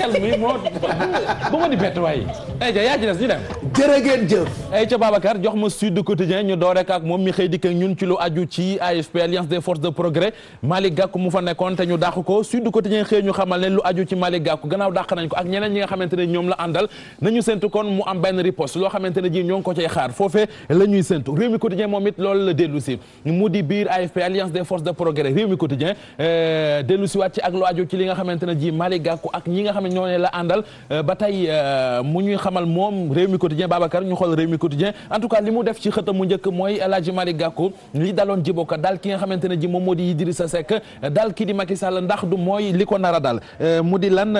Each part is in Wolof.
xel mi moo bu ma di bett waaye. ayca yaa ci des ñu dem. jërëgeen jëf. ayca Babacar jox ma Sud du Quotidien ñu doore ak moom mi xëy dikk ak ñun ci lu aju ci AFP Alliance des forces de progrès Malick Gakou mu fa nekkoon te ñu dàq ko Sud du Quotidien xëy ñu xamal ne lu aju ci Malick Gakou gannaaw dàq la àndal nañu séntu kon mu am benn riposte loo xamante ne ji ñoo ngi ko cay xaar foofee la ñuy mi quotidien moom it loolu la mu di AFP ñooñu la àndal euh, euh, mu ñuy xamal moom réew mi quotidien Babacar ñu xool réew mi quotidien en tout cas li mu def ci xëtam mu njëkk mooy El Hadji Malick li daloon Djiboka dal ki nga xamante ji moom moo di Idrissa Seck dal ki di Macky Sall ndax du mooy li ko nar a dal euh, mu di lan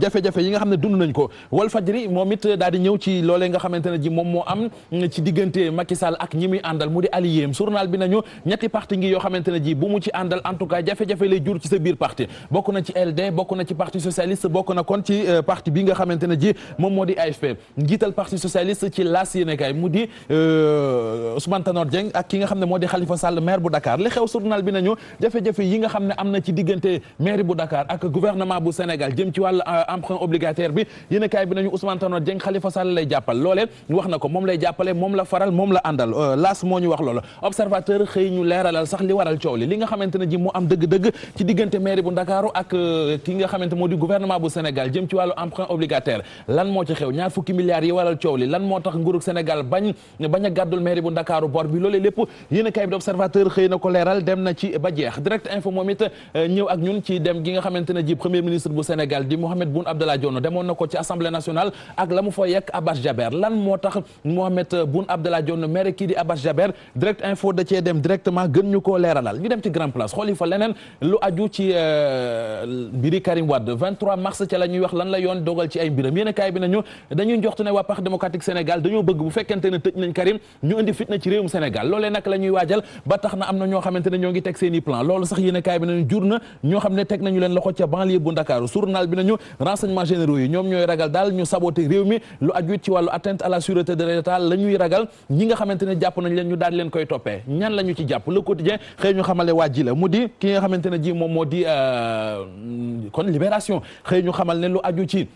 jafe-jafe yi nga xam ne dund nañ ko Walf Fadjri moom it daal di ñëw ci loolee nga xamante ne ji moom moo am mm, ci diggante Macky Sall ak ñi muy àndal mu di alliéem journal bi nañu ñetti parti ngi yoo xamante ne ji bu mu ci àndal en tout cas jafe-jafe lay jur ci sa biir bokk na ci LD bokk na ci parti socialiste bokk na kon ci parti bi nga xamantene ji mom modi AFP ngital parti socialiste ci la senegal mu di Ousmane Tanor Dieng ak ki nga xamne modi Khalifa Sall maire bu Dakar li xew journal bi nañu jafe-jafe yi nga xamne amna ci digënté maire bu Dakar ak gouvernement bu Sénégal jëm ci wal emprunt obligataire bi yene kay bi nañu Ousmane Tanor Dieng Khalifa Sall lay jàppal lolé wax nako mom lay jàppale mom la faral mom la àndal las moñu wax loola observateur xëy ñu léralal sax li waral ciow li nga xamantene ji mu am deug deug ci digënté maire bu dakar ak ki nga xamantene modi gouvernement gouvernement bu Sénégal jëm ci wàllu emprunt obligataire lan moo ci xew ñaar fukki milliards yi waral coow li lan moo tax nguurug Sénégal bañ bañ a gàddul mairie bu Dakar bor bi loolee lépp yéen a kay bi d'observateur xëy na ko leeral dem na ci ba jeex direct info moom it euh, ñëw ak ñun ci dem gi nga xamante ji premier ministre bu Sénégal di Mohamed Boun Abdallah Dionne Dem on ko ci assemblée nationale ak la mu Abbas Jaber lan moo tax Mohamed euh, Boun Abdallah Dionne maire kii di Abbas Jaber direct info da qui dem directement gën ñu koo leeralal ñu dem ci grand place xool yi fa leneen lu aju ci euh, Biri Karim Wade 23 mars ca la wax lan la yoon dogal ci ay mbiram yéen a kaay bi nañu dañuy njoxtu ne waa Parti démocratique Sénégal dañoo bëgg bu fekkente ne Karim ñu indi fitna ci réewum Sénégal loolee nag la waajal ba tax na am na ñoo xamante ne ñoo ngi teg seen plan loolu sax yéen a bi nañu jur ñoo xam ne teg nañu leen loxo ca banlieue bu Ndakaaru journal bi nañu renseignements généraux yi ñoom ñooy ragal daal ñu saboté réew mi lu aju ci wàllu atteinte la sûreté de l'État la ñuy ragal ñi nga xamante ne jàpp nañ leen koy toppee ñan la ñu ci jàpp le quotidien xëy ñu xamale waa ne ji moom moo di euh, xëy ñu xamal ne lu aju ci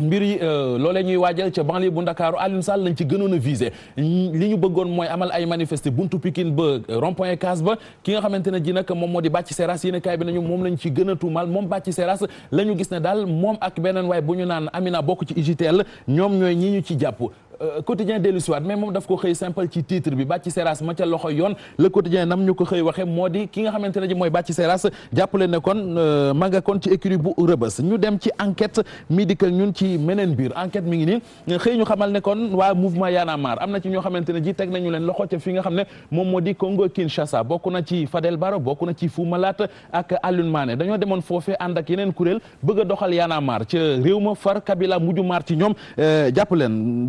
mbir yi euh, loolee ñuy waajal ca banlieue bu Ndakaaru Alioune Sall lañ ci gënoon a visé li ñu bëggoon mooy amal ay manifester buntu Pikine ba rond-point Case ba ki nga xamante ne ji nag moom moo di Bathie Seras yéen a kaay bi nañu moom lañ ci gën a tuumal moom Bathie Seras la ñu gis ne daal moom ak beneen waay bu ñu naan Amina bokk ci UGTL ñoom ñooy ñi ñu ci jàpp Euh, quotidien dellu siwaat mais moom daf ko xëy simple ci titre bi bàcci seras ma ca loxo yoon le quotidien nam ñu ko xëy waxe moo di ki nga xamante ne ji mooy bàcci seras jàppale ne kon euh, ma kon ci écurie bu rëbës ñu dem ci enquête mi dikkal ñun ci meneen biir enquête mi ngi nii xëy ñu xamal ne kon waa mouvement Y'en a am na ci ñoo xamante ne ji teg nañu leen loxo ca fi nga xam ne moom moo di Congo Kinshasa bokk na ci Fadel Barro bokk ci Fou demoon foofee ànd yeneen kuréel bëgg a doxal a marre ca réew ma far Kabila mujju maar ci ñoom euh, jàpp leen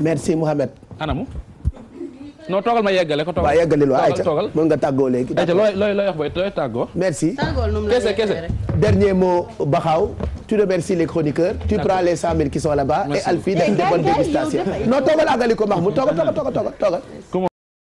merci Mohamed. merci dernier mot tu remercies les chroniqueurs. tu prends les 100 qui sont là-bas. et Alphine de bonne dégustation.